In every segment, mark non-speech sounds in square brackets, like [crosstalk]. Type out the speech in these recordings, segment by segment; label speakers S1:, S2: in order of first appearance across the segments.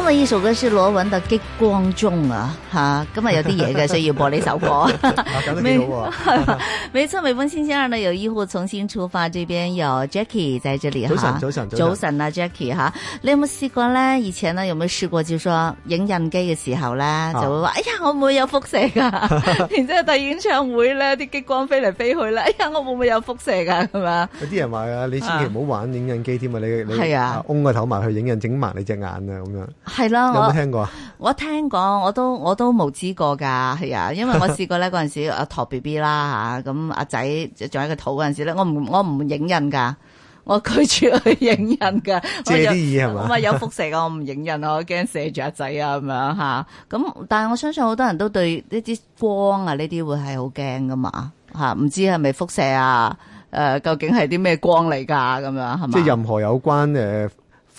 S1: 今日一首歌是羅文的激光中啊，吓、啊，今日有啲嘢嘅， [laughs] 所以要播呢首歌，咁 [laughs] 都 [laughs] 冇錯，每逢星期二呢有醫護重新出發，這邊有 Jackie 在喺呢邊，早晨早晨早晨啊 Jackie、啊、你有冇試過呢？以前呢有冇有試過、就說影印機嘅時候呢，啊、就會話，哎呀，我會唔會有輻射噶、啊？ [laughs] 然之後第演唱會呢，啲激光飛嚟飛去咧，哎呀，我會唔會有輻射噶？咁啊，有啲人話啊，你千祈唔
S2: 好玩影印機添啊，你你係啊，翁個頭埋去影印，整埋你隻眼啊，咁樣。係啦，有冇聽過
S1: 啊？我聽講，我都我都冇知過噶，係啊，因為我試過咧嗰陣時阿陀 B B 啦吓，咁阿、啊啊、仔仲喺個肚嗰陣時咧，我唔我唔影印噶，我拒絕去影印噶，借啲嘢係嘛，我咪有輻射我唔影印 [laughs] 啊，我驚射住阿仔啊，咁樣吓。咁但係我相信好多人都對呢啲光啊呢啲會係好驚噶嘛吓，唔知係咪輻射啊？誒、啊，究竟係啲咩光嚟噶咁樣係嘛？即係任
S2: 何有關誒。呃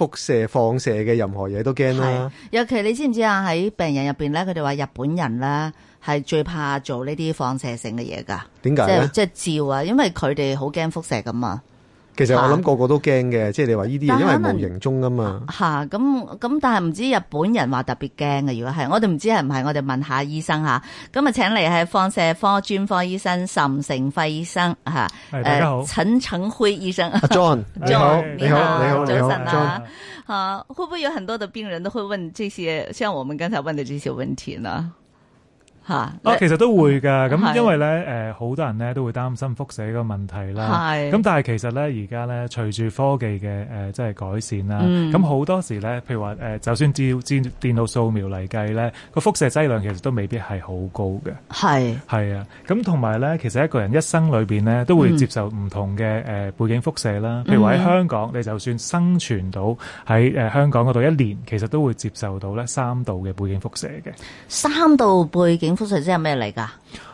S2: 輻射、放射嘅任何嘢都驚啦、
S1: 係啊，尤其你知唔知啊？喺病人入邊咧，佢哋話日本人咧係最怕做呢啲放射性嘅嘢噶，點解咧？即係照啊，因為佢哋好驚輻射噶嘛。
S2: 其實我諗個個都驚嘅，即係你話呢啲嘢，因為無形中啊嘛。
S1: 吓、啊，咁、啊、咁但係唔知日本人話特別驚嘅，如果係我哋唔知係唔係，我哋問下醫生吓。咁啊，就請嚟係放射科專科醫生岑承輝醫生吓，誒、啊，岑承輝醫生。john [laughs] John，你好，你好，你好你好你好你好早晨啊。好、啊，會唔會有很多的病人都會問這些，像我們剛才問嘅呢些問題呢？嚇、啊啊！其實都會
S3: 㗎，咁因為咧，誒，好、呃、多人咧都會擔心輻射個問題啦。係。咁但係其實咧，而家咧，隨住科技嘅誒，即、呃、係改善啦。咁、嗯、好多時咧，譬如話誒、呃，就算照電電腦掃描嚟計咧，個輻射劑量其實都未必係好高嘅。係。係啊。咁同埋咧，其實一個人一生裏邊咧，都會接受唔同嘅誒、嗯呃、背景輻射啦。譬如話喺香港、嗯，你就算生存到喺誒香港嗰度一年，其實都會接受到咧三度嘅背景輻射嘅。
S1: 三度背景。輻射即係咩嚟噶？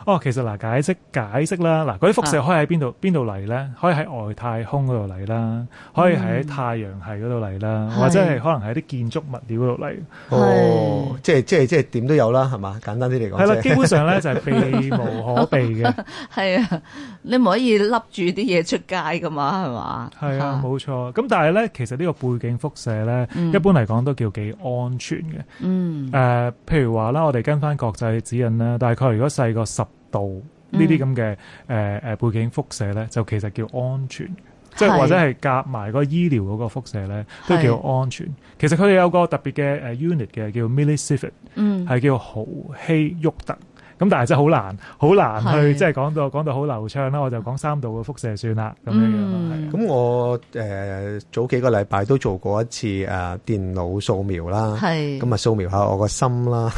S3: 哦，其實嗱，解釋解釋啦，嗱，嗰啲輻射可以喺邊度邊度嚟咧？可以喺外太空嗰度嚟啦，可以喺太陽系嗰度嚟啦，或者係可能喺啲建築物料度嚟。
S2: 哦，即係即係即係點都有啦，係嘛？簡單啲嚟講。係啦，基本上咧就係避無可避嘅。
S1: 係 [laughs] 啊，你唔可以笠住啲嘢出街噶嘛，係嘛？係啊，
S3: 冇錯。咁但係咧，其實呢個背景輻射咧、嗯，一般嚟講都叫幾安全嘅。嗯。誒、呃，譬如話啦，我哋跟翻國際指引。咧大概如果細過十度呢啲咁嘅誒誒背景輻射咧，就其實叫安全，即係或者係夾埋個醫療個輻射咧，都叫安全。其實佢哋有個特別嘅誒 unit 嘅、嗯，叫 millisievert 係叫毫希沃特。咁但係真係好難，好難去即係講到講到好流暢啦，我就講三度嘅輻射算啦咁樣樣。
S2: 咁我誒早幾個禮拜都做過一次誒電腦掃描啦，咁咪掃描下我個心啦，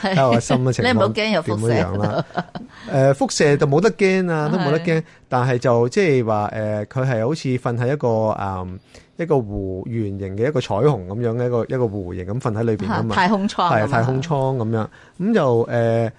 S2: 睇我個心嘅情況。你唔好驚有輻射啦。誒輻射就冇得驚啊，都冇得驚。但係就即係話誒，佢係好似瞓喺一個誒一個弧圓形嘅一個彩虹咁樣嘅一個一個弧形咁瞓喺裏邊啊嘛。太空艙係太空艙咁樣，咁就誒。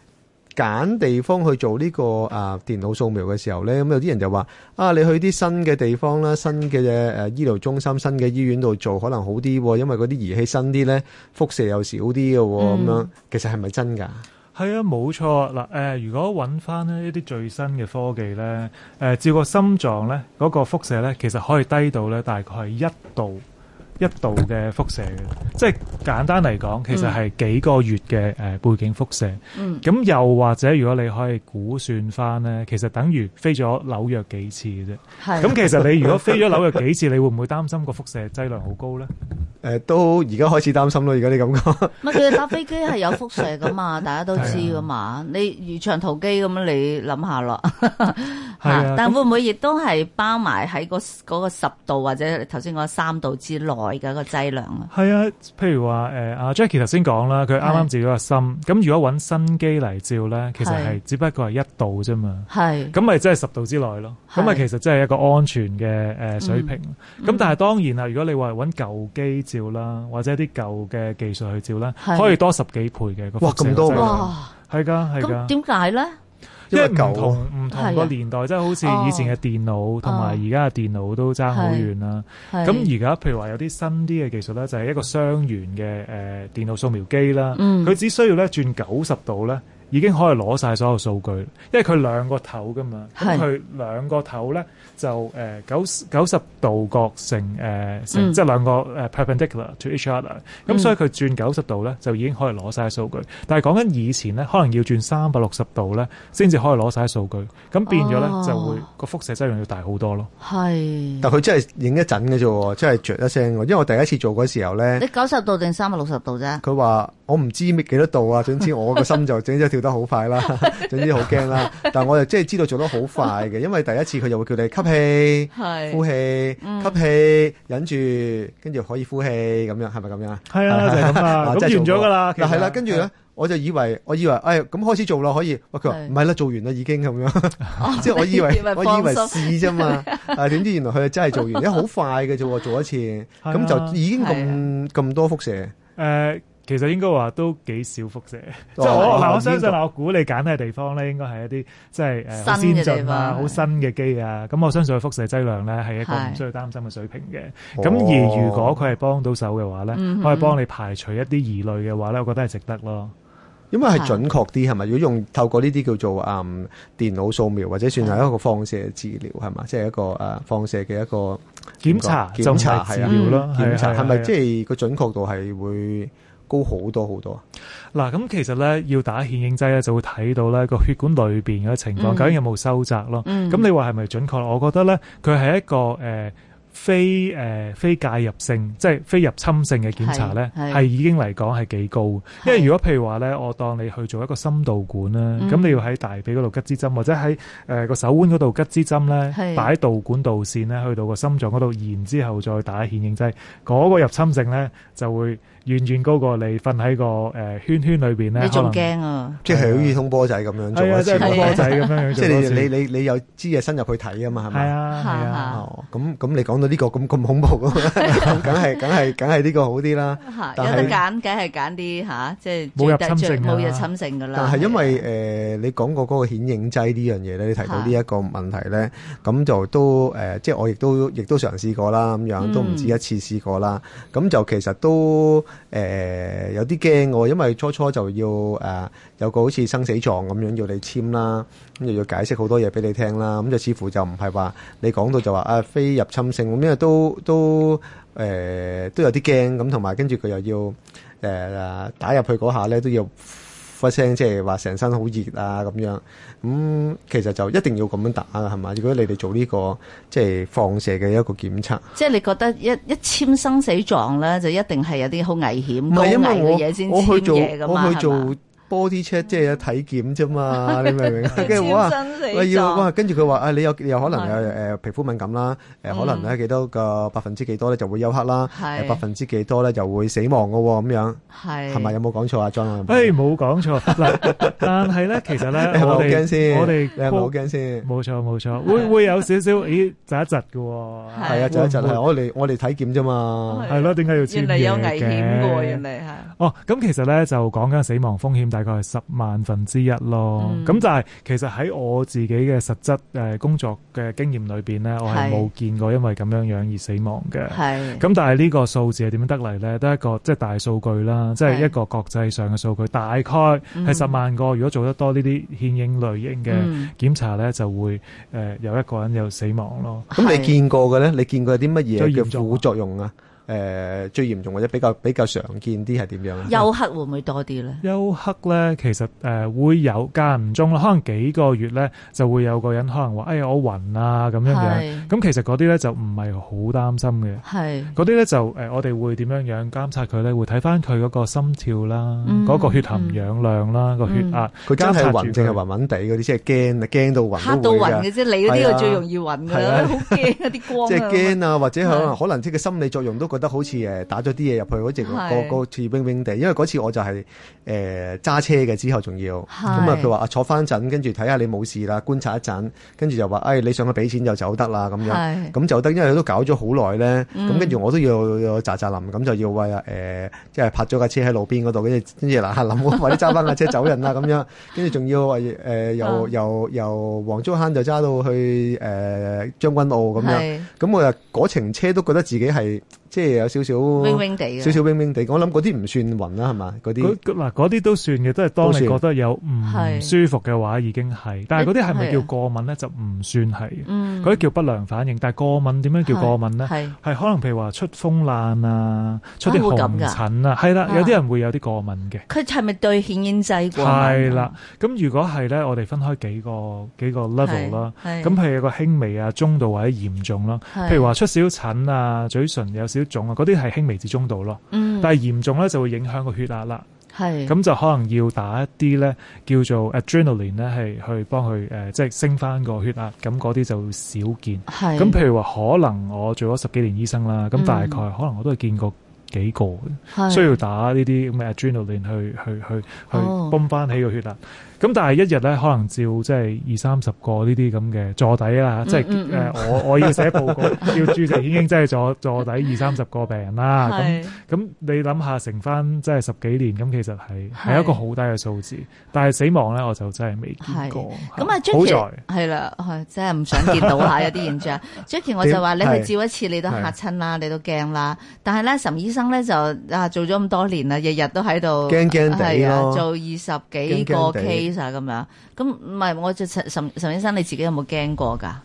S2: 揀地方去做呢個啊電腦掃描嘅時候咧，咁有啲人就話啊，你去啲新嘅地方啦，新嘅嘅誒醫療中心、新嘅醫院度做可能好啲，因為嗰啲儀器新啲咧，輻射又少啲嘅咁樣。其實係咪真㗎？係啊，
S3: 冇錯嗱。誒，如果揾翻呢一啲最新嘅科技咧，誒、呃、照個心臟咧嗰個輻射咧，其實可以低到咧大概係一度。一度嘅輻射，即係簡單嚟講，其實係幾個月嘅誒背景輻射。咁又或者如果你可以估算返呢，其實等於飛咗紐約幾次嘅啫。咁其實你如果飛咗紐約幾次，你會唔會擔心個輻射劑量好高呢？誒，都而家開始擔心咯。而家你咁講，
S1: 唔係其實搭飛機係有輻射噶嘛，大家都知噶嘛。你如長途機咁樣，你諗下啦。
S3: 但會
S1: 唔會亦都係包埋喺個嗰個十度或者頭先講三度之內？改嘅個劑量啊，
S3: 係啊。譬如話誒阿 Jackie 頭先講啦，佢啱啱自己個心，咁如果揾新機嚟照咧，其實係只不過係一度啫嘛，係，咁咪即係十度之內咯，咁咪其實即係一個安全嘅誒水平，咁、嗯嗯、但係當然啦，如果你話揾舊機照啦，或者啲舊嘅技術去照啦，可以多十幾倍嘅哇，咁多哇，係噶係噶，咁點解咧？因為唔同唔同個年代，即係好似以前嘅電腦同埋而家嘅電腦都爭好遠啦。咁而家譬如話有啲新啲嘅技術咧，就係一個雙源嘅誒電腦掃描機啦。佢、嗯、只需要咧轉九十度咧。已經可以攞晒所、呃呃嗯呃嗯、所，所有數據，因為佢兩個頭噶嘛，咁佢兩個頭咧就誒九九十度角成誒成，即係兩個 perpendicular to each other。咁所以佢轉九十度咧就已經可以攞晒數據。但係講緊以前咧，可能要轉三百六十度咧，先至可以攞晒數
S2: 據。咁變咗咧就會個輻、哦、射質量要大好多咯。
S1: 係，但佢
S2: 真係影一陣嘅啫，真係着一聲嘅。因為我第一次做嗰時候咧，你
S1: 九十度定三百六十度啫？
S2: 佢話我唔知幾多度啊，總之我個心就整咗條。 [laughs] 得好快啦， [laughs] 總之好驚啦。 [laughs] 但我又即係知道做得好快嘅， [laughs] 因為第一次佢就會叫你吸氣、呼氣、嗯、吸氣、忍住，跟住可以呼氣咁樣，係咪咁樣？係啊，就係、是啊啊啊、完咗噶啦。嗱係啦，跟住咧，我就以為，我以為，哎，咁開始做咯，可以。唔係啦，做完啦已經咁樣， [laughs] [laughs] [laughs] 即係我以為，我以為試啫嘛。點 [laughs] 知、啊、原來佢真係做完，一 [laughs] 好快嘅啫，做一次咁 [laughs] 就已經咁咁、啊、多輻射。呃其實應該話
S3: 都幾少輻射，哦、即係我、嗯、我相信我估你揀嘅地方咧，應該係一啲即係誒先進啊，好新嘅機啊。咁我相信佢輻射劑量咧係一個唔需要擔心嘅水平嘅。咁而如果佢
S2: 係幫到手嘅話咧、哦，可以幫你排
S3: 除一啲疑慮嘅話咧，我覺得係值得咯。
S2: 因為係準確啲係咪？如果用透過呢啲叫做誒、嗯、電腦掃描或者算係一個放射嘅治療係嘛？即係一個誒、啊、放射嘅一個檢查、檢查治療咯。檢查、嗯、係咪即係個準確度係會？高好多好多，
S3: 嗱咁其實咧要打顯影劑咧，就會睇到咧個血管裏邊嘅情況究竟有冇收窄咯。咁你話係咪準確？我覺得咧，佢係一個誒非誒非介入性，即係非入侵性嘅檢查咧，係已經嚟講係幾高。因為如果譬如話咧，我當你去做一個心導管啦，咁你要喺大髀嗰度吉支針，或者喺誒個手腕嗰度吉支針咧擺導管導線咧，去到個心臟嗰度，然之後再打顯影劑，嗰個入侵性咧就會。完全高過你瞓喺個
S2: 誒圈圈裏邊咧，你仲驚啊！即係好似通波仔咁樣做啊，通波仔咁樣做先。即係你你你你有支嘢伸入去睇啊嘛，係咪？係啊，係啊。哦，咁咁你講到呢個咁咁恐怖㗎，梗係梗係梗係呢個好啲啦。有得揀，
S1: 梗係揀啲吓，即係冇入侵性啦。冇入侵性㗎啦。但係因
S2: 為誒你講過嗰個顯影劑呢樣嘢咧，你提到呢一個問題咧，咁就都誒，即係我亦都亦都嘗試過啦，咁樣都唔止一次試過啦。咁就其實都。誒，有啲驚喎，因為初初就要誒、呃，有個好似生死狀咁樣要你簽啦，咁又要解釋好多嘢俾你聽啦，咁就似乎就唔係話你講到就話啊非入侵性，咁因為都都誒、呃、都有啲驚，咁同埋跟住佢又要誒、呃、打入去嗰下咧都要。聲即係話成身好熱啊咁樣，咁、嗯、其實就一定要咁樣打係嘛？如果你哋做呢、這個即係放射嘅一個檢測，
S1: 即係你覺得一一簽生死狀咧，就一定係有啲好危險高危嘅嘢，先簽嘢噶嘛？
S2: body check 即係有體檢啫嘛，你明唔明？跟住要哇，跟住佢話啊，你有你有可能誒皮膚敏感啦，誒、呃、可能係幾多個百分之幾多咧就會休克啦，百分之幾多咧就會死亡噶咁、哦、樣，
S1: 係係咪有
S2: 冇講錯啊 John，冇講、哎、錯， [laughs] 但係
S3: 咧其實咧 [laughs] 我哋我哋驚先，
S2: 冇錯冇錯， [laughs] 錯錯錯 [laughs] 會
S3: 會有少少咦窒一窒噶，係啊窒一窒我哋我哋體檢啫嘛，係咯，點解要？有危險人哋係哦，咁、嗯、其實咧就講緊死亡風險大概係十萬分之一咯，咁就係其實喺我自己嘅實質誒工作嘅經驗裏邊咧，我係冇見過因為咁樣樣而死亡嘅。係，咁但係呢個數字係點樣得嚟咧？都係一個即係、就是、大數據啦，即、就、係、是、一個國際上嘅數據是，大概係十萬個、嗯。如果做得多呢啲顯影類型嘅檢查
S2: 咧、嗯，就會誒有一個人有死亡咯。
S1: 咁、嗯、你見
S2: 過嘅咧？你見過啲乜嘢嘅副作用啊？嗯嗯誒最嚴重或者比較比較常見啲係點樣啊？
S1: 休克會唔會多啲咧？
S3: 休克咧，其實誒會有間唔中咯，可能幾個月咧就會有個人可能話，哎，我暈啊咁樣樣。咁其實嗰啲咧就唔係好擔心嘅。係嗰啲咧就誒，我哋會點樣樣監察佢咧？會睇翻佢嗰個心跳啦，
S1: 嗰個
S2: 血含氧量啦，個血壓。佢真係暈，淨係暈暈地嗰啲，即係驚，驚到暈。嚇到暈嘅啫，你嗰啲係最容易暈㗎啦，
S1: 好驚
S2: 啲光啊！即係驚啊，或者可能即係心理作用都。覺得好似誒打咗啲嘢入去嗰隻個個似冰冰地，因為嗰次我就係誒揸車嘅，之後仲要咁啊！佢話啊坐翻陣，跟住睇下你冇事啦，觀察一陣，跟住就話誒、哎、你上去俾錢就走得啦咁樣，咁就得，因為都搞咗好耐咧。咁跟住我都要要扎扎林，咁就要為啊誒，即係泊咗架車喺路邊嗰度，跟住跟住嗱下諗，或者揸翻架車 [laughs] 走人啦咁樣，跟住仲要話誒由由由黃竹坑就揸到去誒將軍澳咁樣，咁我啊、就、嗰、是、程車都覺得自己係。即係有少少，少少冰冰哋。我諗嗰啲唔算暈啦，係嘛？嗰啲嗱，嗰啲都算嘅，都係當你覺得有唔舒服嘅話，已經係。但係嗰啲係咪叫
S3: 過敏咧？就唔算係。嗰啲叫不良反應。但係過敏點樣叫過敏咧？係係可能譬如話出風癩啊，出啲紅疹啊，係啦，有啲人會有啲過敏嘅。
S1: 佢係咪對顯影劑過敏？係啦。
S3: 咁如果係咧，我哋分開幾個幾個 level 啦。咁譬如個輕微啊、中度或者嚴重啦。譬如話出少疹啊，嘴唇有少種啊，嗰啲係輕微至中度咯。但係嚴重咧就會影響個血壓啦，咁、嗯、就可能要打一啲咧叫做 adrenaline 咧，係去幫佢誒，即係升翻個血壓，咁嗰啲就會少見。咁譬如話，可能我做咗十幾年醫生啦，咁大概可能我都係見過幾個需、嗯、要打呢啲咁嘅 adrenaline 去去、哦、去去泵翻起個血壓。咁但係一日咧，可能照即係二三十個呢啲咁嘅坐底啦，即係誒我我要寫報告，要主席已經即係坐坐底二三十個病人啦。咁咁你諗下，乘翻即係十幾年，咁其實係係一個好低嘅數字。但係死亡咧，我就真係未見
S1: 過。咁啊 Jackie 好在，係啦，真係唔想見到下有啲現象。 [laughs] Jackie，我就話你去照一次，你都嚇親啦，你都驚啦。但係咧，岑醫生咧就啊做咗咁多年啦，日日都喺度驚驚地做二十幾個 K，怕怕咁樣，咁唔係我就岑岑先生，你自己有冇驚過噶？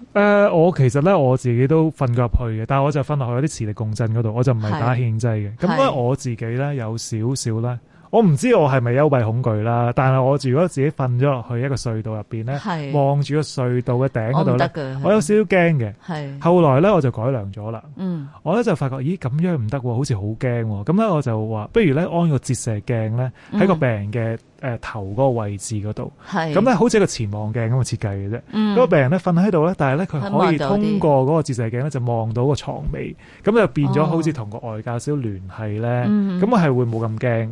S3: 誒、呃，我其實咧我自己都瞓過入去嘅，但係我就瞓落去有啲磁力共振嗰度，我就唔係打欠劑嘅，咁因為我自己咧有少少咧。我唔知我係咪幽閉恐懼啦，但係我如果自己瞓咗落去一個隧道入邊咧，望住個隧道嘅頂嗰度咧，我有少少驚嘅。後來咧我就改良咗啦，嗯，我咧就發覺，咦咁樣唔得，好似好驚。咁咧我就話，不如咧安個折射鏡咧喺個病人嘅誒頭嗰個位置嗰度，咁咧好似個潛望鏡咁嘅設計嘅啫。嗯，嗰個病人咧瞓喺度咧，但係咧佢可以通過嗰個折射鏡咧就望到個床尾，咁就變咗好似同個外界少聯繫咧，咁、哦，我係會冇咁驚。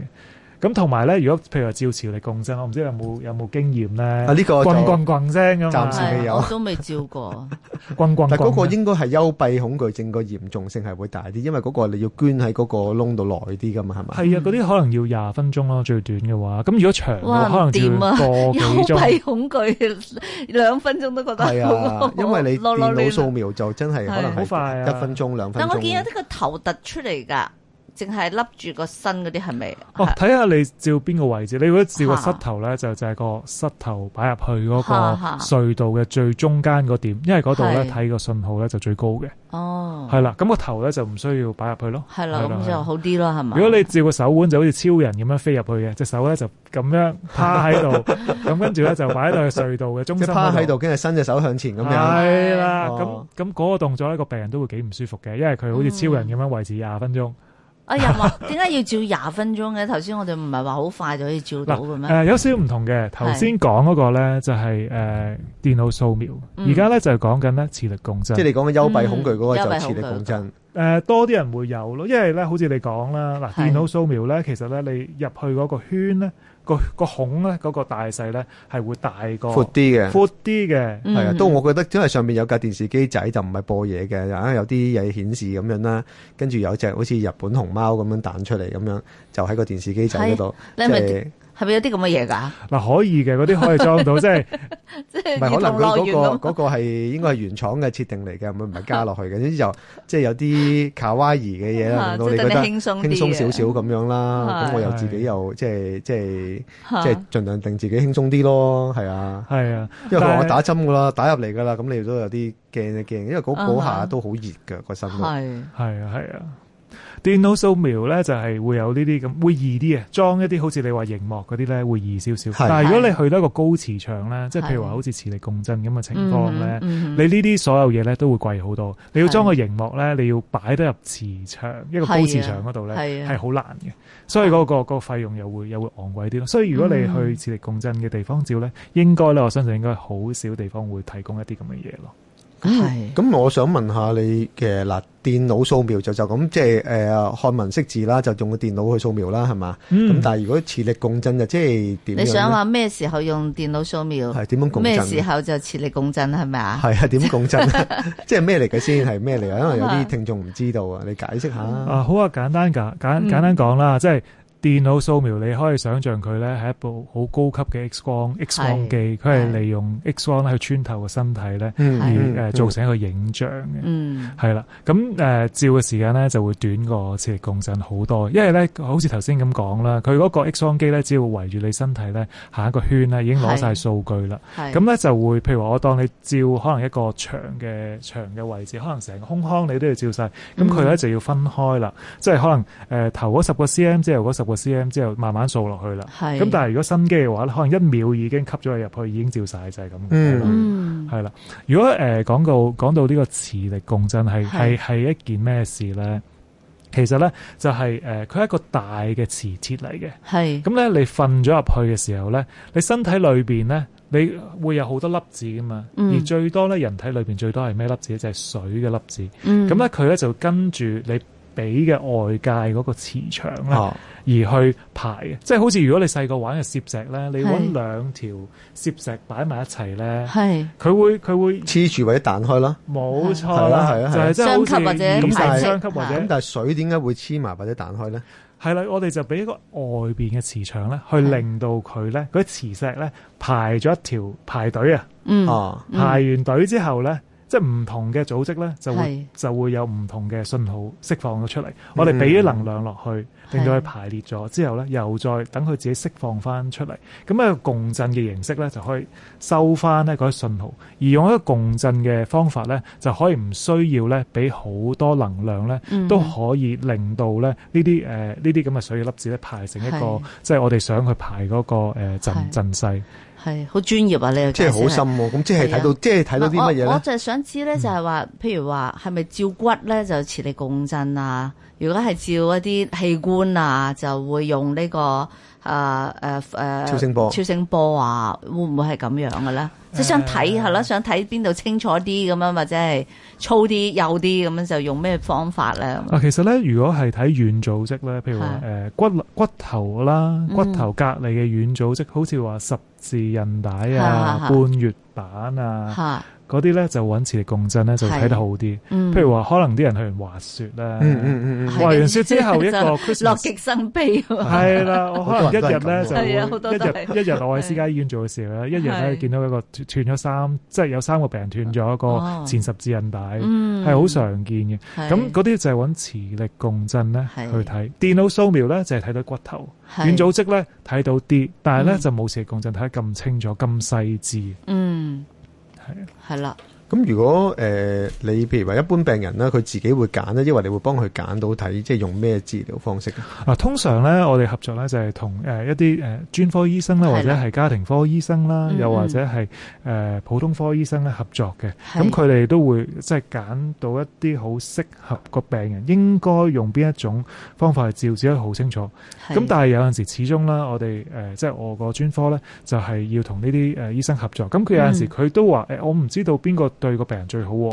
S3: 咁同埋咧，如果譬如話照磁力共振，我唔知有冇有冇經驗咧？啊呢個，暫時未有，我都未照過。轟轟轟
S2: 聲，暫時未有。都
S1: 未照過。轟
S2: 轟轟。但嗰個應該係幽閉恐懼症個嚴重性係會大啲，因為嗰個你要捐喺嗰個窿度耐啲噶嘛，係咪？係
S3: 啊，嗰啲可能要廿分鐘咯，最短嘅話。咁如果長
S2: 嘅話，哇
S1: 唔掂啊！幽閉恐懼兩分鐘都覺得係啊，因為你電腦掃描
S2: 就真係可能好快啊，一分鐘兩分鐘。但我見
S1: 到個頭突出嚟㗎。淨係笠住個身嗰啲係咪？
S2: 哦，睇下
S3: 你照邊個位置？你如果照個膝頭咧，就就係個膝頭擺入去嗰個隧道嘅最中間個點，因為嗰度咧睇個信號咧就最高嘅。哦，係啦，咁個頭咧就唔需要擺入去咯。係啦，咁就
S1: 好啲咯，係嘛？如果你
S3: 照個手腕，就好似超人咁樣飛入去嘅，隻手咧就咁樣趴喺度，咁跟住咧就擺喺度去隧道嘅中心。即係趴喺度，跟住伸隻手向前咁樣。係啦，咁咁嗰個動作呢，一個病人都會幾唔舒服嘅，因為佢好似超人咁樣維持廿分鐘。
S1: 我、 [laughs] 哎、又話點解要照廿分鐘嘅？頭先我哋唔係話好快就可以照到嘅咩？誒、呃、有少
S3: 少唔同嘅。頭先講嗰個咧就係、是、誒、呃、電腦掃描，而家咧就係講緊咧磁力共振、嗯。即係你講嘅幽閉恐懼嗰個就磁力共振。誒、嗯呃、多啲人會有咯，因為咧好似你講啦，嗱電腦掃描咧其實咧你入去嗰個圈咧。個個孔咧，嗰個大細咧係會大過闊啲嘅，闊啲
S2: 嘅，係啊，都我覺得，因為上面有架電視機仔，就唔係播嘢嘅，有啲嘢顯示咁樣啦，跟住有隻好似日本熊貓咁樣彈出嚟咁樣，就喺個電視機仔嗰度。
S1: 係咪有啲咁嘅嘢噶？
S2: 嗱、啊，可以嘅，嗰啲可以裝到，即係即
S1: 係唔係可能佢嗰、嗰個嗰、嗰
S2: 個係應該係原廠嘅設定嚟嘅，唔係加落去嘅，因 [laughs] 此就即係有啲卡哇伊嘅嘢到你覺得輕鬆點點、嗯、輕鬆少少咁樣啦。咁我又自己又即係即係即係盡量定自己輕鬆啲咯。係啊，係啊，因為佢話我打針噶啦，打入嚟噶啦，咁你都有啲驚一驚。因為嗰、嗯、下都好熱噶個身，係
S3: 係啊係啊。電腦掃描咧就係、係、會有呢啲咁，會易啲嘅。裝一啲好似你話熒幕嗰啲咧，會易少少。但係如果你去到一個高磁場咧，即係譬如話好似磁力共振咁嘅情況咧、嗯嗯，你呢啲所有嘢咧都會貴好多。你要裝個熒幕咧，你要擺得入磁場一個高磁場嗰度咧，係好難嘅。所以嗰、嗰個、嗰個費用又會又會昂貴啲咯。所以如果你去磁力共振嘅地方照咧、嗯，應該咧我相信應該好少地方會提供一啲咁嘅嘢咯。
S2: 係，咁我想問下你嘅，嗱，電腦掃描就就咁，即係誒，漢、呃、文識字啦，就用個電腦去掃描啦，係嘛？咁、嗯、但係如果磁力共振就即係點？你想話
S1: 咩時候用電腦掃描？係
S2: 點樣共振？咩時候
S1: 就磁力共振？係咪啊？係
S2: 啊，點共振？ [laughs] 即係咩嚟嘅先？係咩嚟啊？因為有啲聽眾唔知道啊、嗯，你解釋下啊。好啊，簡單㗎，簡簡單講啦、嗯，即係。電腦掃描你
S3: 可以想象佢咧係一部好高級嘅 X 光 X 光機，佢係利用 X 光去穿透個身體咧，而造成一個影像嘅。係啦，咁、嗯呃、照嘅時間咧就會短過磁力共振好多，因為咧好似頭先咁講啦，佢嗰個 X 光機咧只要圍住你身體咧行一個圈咧已經攞晒數據啦。咁咧就會譬如話我當你照可能一個長嘅長嘅位置，可能成個胸腔你都要照晒。咁佢咧就要分開啦，即係可能誒、呃、頭嗰十個 cm 之後嗰十。個 C M 之後慢慢掃落去啦，咁但係如果新機嘅話可能一秒已經吸咗佢入去，已經照晒就係、是、咁。係、嗯、啦。如果誒講、呃、到講到呢個磁力共振係係係一件咩事咧？其實咧就係、是、誒，佢、呃、係一個大嘅磁鐵嚟嘅。係咁咧，你瞓咗入去嘅時候咧，你身體裏邊咧，你會有好多粒子噶嘛。而最多咧，人體裏邊最多係咩粒子，、就是、粒子？就係水嘅粒子。咁咧佢咧就跟住你。俾嘅外界嗰個磁場咧、啊，而去排，即係好似如果你細個玩嘅攝石咧，你揾兩條攝石擺埋一齊咧，係
S2: 佢會佢會黐住或者彈開咯，冇錯啦，係啊，就係即係相吸或者咁，但係水點解會黐埋或者彈開咧？係啦，我哋就俾一個外邊嘅
S3: 磁場咧，去令到佢咧嗰啲磁石咧排咗一條排隊、嗯、啊，排完隊之後咧。即係唔同嘅組織咧，就會就會有唔同嘅信號釋放咗出嚟。我哋俾咗能量落去，嗯、令到佢排列咗之後咧，又再等佢自己釋放翻出嚟。咁一個共振嘅形式咧，就可以收翻呢嗰啲信號，而用一個共振嘅方法咧，就可以唔需要咧，俾好多能量咧、嗯，都可以令到咧呢啲誒呢啲咁嘅水嘅粒子咧排成一個，即係、就是、我哋想佢排嗰、那個、呃、陣陣勢。係好專業啊！你即係好深喎、哦，咁即
S1: 係睇到、啊、即係睇到啲乜嘢？我我就係想知咧，就係話，譬如話係咪照骨咧，就磁力共振啊？如果係照一啲器官啊，就會用呢個誒誒誒超聲波、超聲波啊，會唔會係咁樣嘅咧？即、呃、想睇下啦，呃、想睇邊度清楚啲咁樣，或者係粗啲、幼啲咁樣，就用咩方法咧？啊，其
S3: 實咧，如果係睇軟組織咧，譬如話誒是、呃、骨骨頭啦，骨頭隔離嘅軟組織，好似話十字韌帶啊，是是啊、半月板啊。嗰啲咧就揾磁力共振咧就睇得好啲、嗯，譬如話可能啲人去滑雪啦，滑、嗯嗯嗯、完雪之後一個，樂
S1: 極生悲、啊。係啦，可能一日咧、啊、就多一日一日
S3: 我喺私家醫院做嘅時候咧，一日咧見到一個斷咗三，即係有三個病人斷咗一個前十字韌帶，係、哦、好、嗯、常見嘅。咁嗰啲就係揾磁力共振咧去睇，電腦掃描咧就係、是、睇到骨頭，軟組織咧睇到啲，但係咧就冇磁力共振睇得咁清楚、咁、嗯、細緻。
S1: 嗯。係啦。
S2: 咁如果誒你譬如話一般病人咧，佢自己會揀咧，因為你會幫佢揀到睇，即係用咩治療方式啊？
S3: 嗱，通常咧，我哋合作咧就係同誒一啲誒專科醫生啦，或者係家庭科醫生啦、嗯，又或者係誒、呃、普通科醫生咧合作嘅。咁佢哋都會即係揀到一啲好適合個病人應該用邊一種方法去照治得好清楚。咁但係有陣時始終啦，我哋誒即係我個專科咧，就係、是就是、要同呢啲誒醫生合作。咁佢有陣時佢都話誒、嗯呃、我唔知道邊個對個病人最好喎，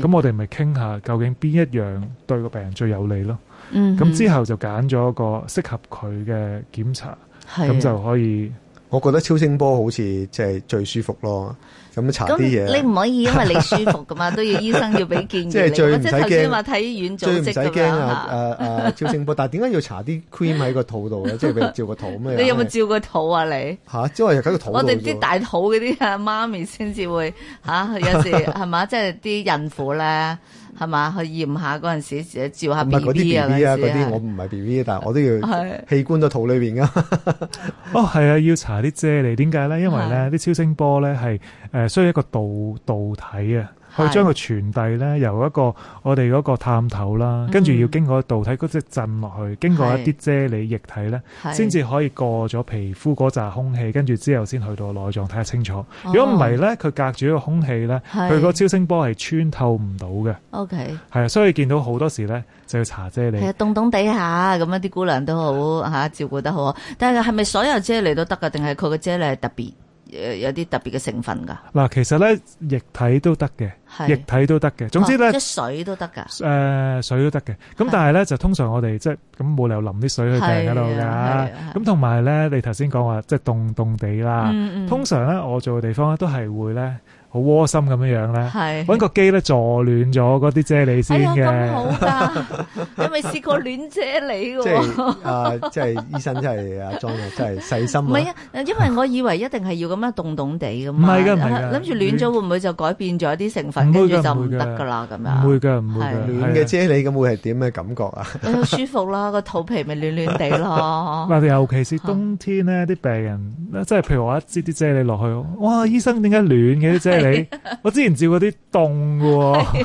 S3: 咁我哋咪傾下究竟邊一樣對個病人最有利咯。嗯，
S1: 咁之後
S3: 就揀咗一個適合佢嘅檢查，
S2: 咁就可以。我覺得超聲波好似即係最舒服咯，咁搽啲嘢，你唔可以，因為你舒服噶
S1: 嘛， [laughs] 都要醫生要俾建議你，唔使驚。即係頭先話睇醫院最唔使驚啊！
S2: 誒誒，超聲波，但係點解要搽啲 cream 喺個肚度嘅？即係俾照個肚咩？ [laughs] 你有冇照
S1: 個肚， [laughs] 你有冇照過肚啊？你
S2: 吓即係喺個肚度。我哋啲大
S1: 肚嗰啲啊媽咪先至會吓，有時係嘛，即係啲孕婦咧。係嘛？去驗下嗰陣時，照下 B B 啊！嗰啲我
S2: 唔係 B B，但係我都要器官都肚裏邊噶。
S3: [laughs] 哦，係啊，要搽啲啫喱。點解咧？因為咧，啲超聲波咧，係誒需要一個導導體啊。去將佢傳遞咧，由一個我哋嗰個探頭啦，跟、嗯、住要經過一導體嗰隻震落去，經過一啲啫喱液體咧，先至可以過咗皮膚嗰紮空氣，跟住之後先去到內臟睇下清楚。如果唔係咧，佢隔住一個空氣咧，佢個超聲波係穿透唔到嘅。OK，係啊，所以見到好多時咧，就要搽啫喱。係啊，
S1: 凍凍哋下咁，一啲姑娘都好照顧得好。但係係咪所有啫喱都得㗎？定係佢嘅啫喱係特別？誒有啲特別嘅成分㗎。
S3: 嗱，其實咧液體都得嘅，液體都得嘅。總之咧、哦呃，
S1: 水都得㗎。誒，
S3: 水都得嘅。咁但係咧，就通常我哋即係咁冇理由淋啲水去病人嗰度㗎。咁同埋咧，你頭先講話即係凍凍地啦。通常咧，我做嘅地方都係會咧。好窩心咁樣樣咧，揾個機咧，坐暖咗嗰啲啫喱先嘅。哎呀，咁好
S1: 噶，你未試過暖啫喱嘅？即係，即係
S2: 醫生，真係阿莊啊，真係細心。唔係
S1: 啊，因為我以為一定係要咁樣凍凍地噶嘛。唔係噶，唔係噶。諗住暖咗會唔會就改變咗啲成分，跟住就唔得噶啦咁樣。唔會嘅，唔會嘅。暖嘅
S2: 啫喱咁會係點嘅感覺啊？
S1: 舒服啦，個肚皮咪暖暖地咯。
S2: 嗱，尤其是冬
S3: 天咧，啲病人，即係譬如話，一支啲啫喱落去，哇！醫生點解暖嘅啲啫喱？ [laughs] 我之前照嗰啲凍
S1: 嘅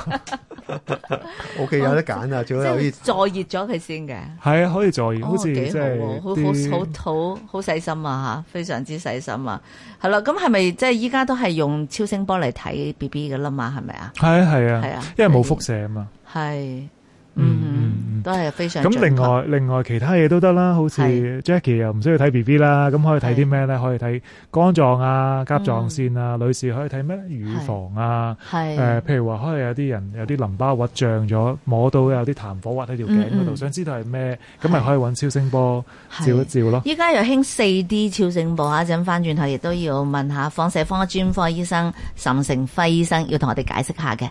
S2: ，OK 有得揀啊，
S3: 即係
S1: 再熱咗佢先嘅，
S3: 係啊，可以再熱，哦，好似幾好，即係、好，好好好
S1: 好好細心啊吓，非常之細心啊，係 [laughs] 啦，咁係咪即係依家都係用超聲波嚟睇 B B 噶啦嘛，係咪啊？
S3: 係啊係啊係啊，因為冇輻射啊嘛，
S1: 係，嗯。嗯都係非常咁，另
S3: 外另外其他嘢都得啦，好似 Jackie 又唔需要睇 B B 啦，咁可以睇啲咩咧？可以睇肝臟啊、甲狀腺啊、嗯，女士可以睇咩乳房啊？誒、呃，譬如話可能有啲人有啲淋巴核脹咗，摸到有啲痰火核喺條頸嗰度、嗯嗯，想知道係咩？咁咪可以搵超聲波照一照咯。依家又興
S1: 4D 超聲波嚇，一陣翻轉頭，亦都要問下放射科專科醫生岑承輝醫生，要同我哋解釋下嘅。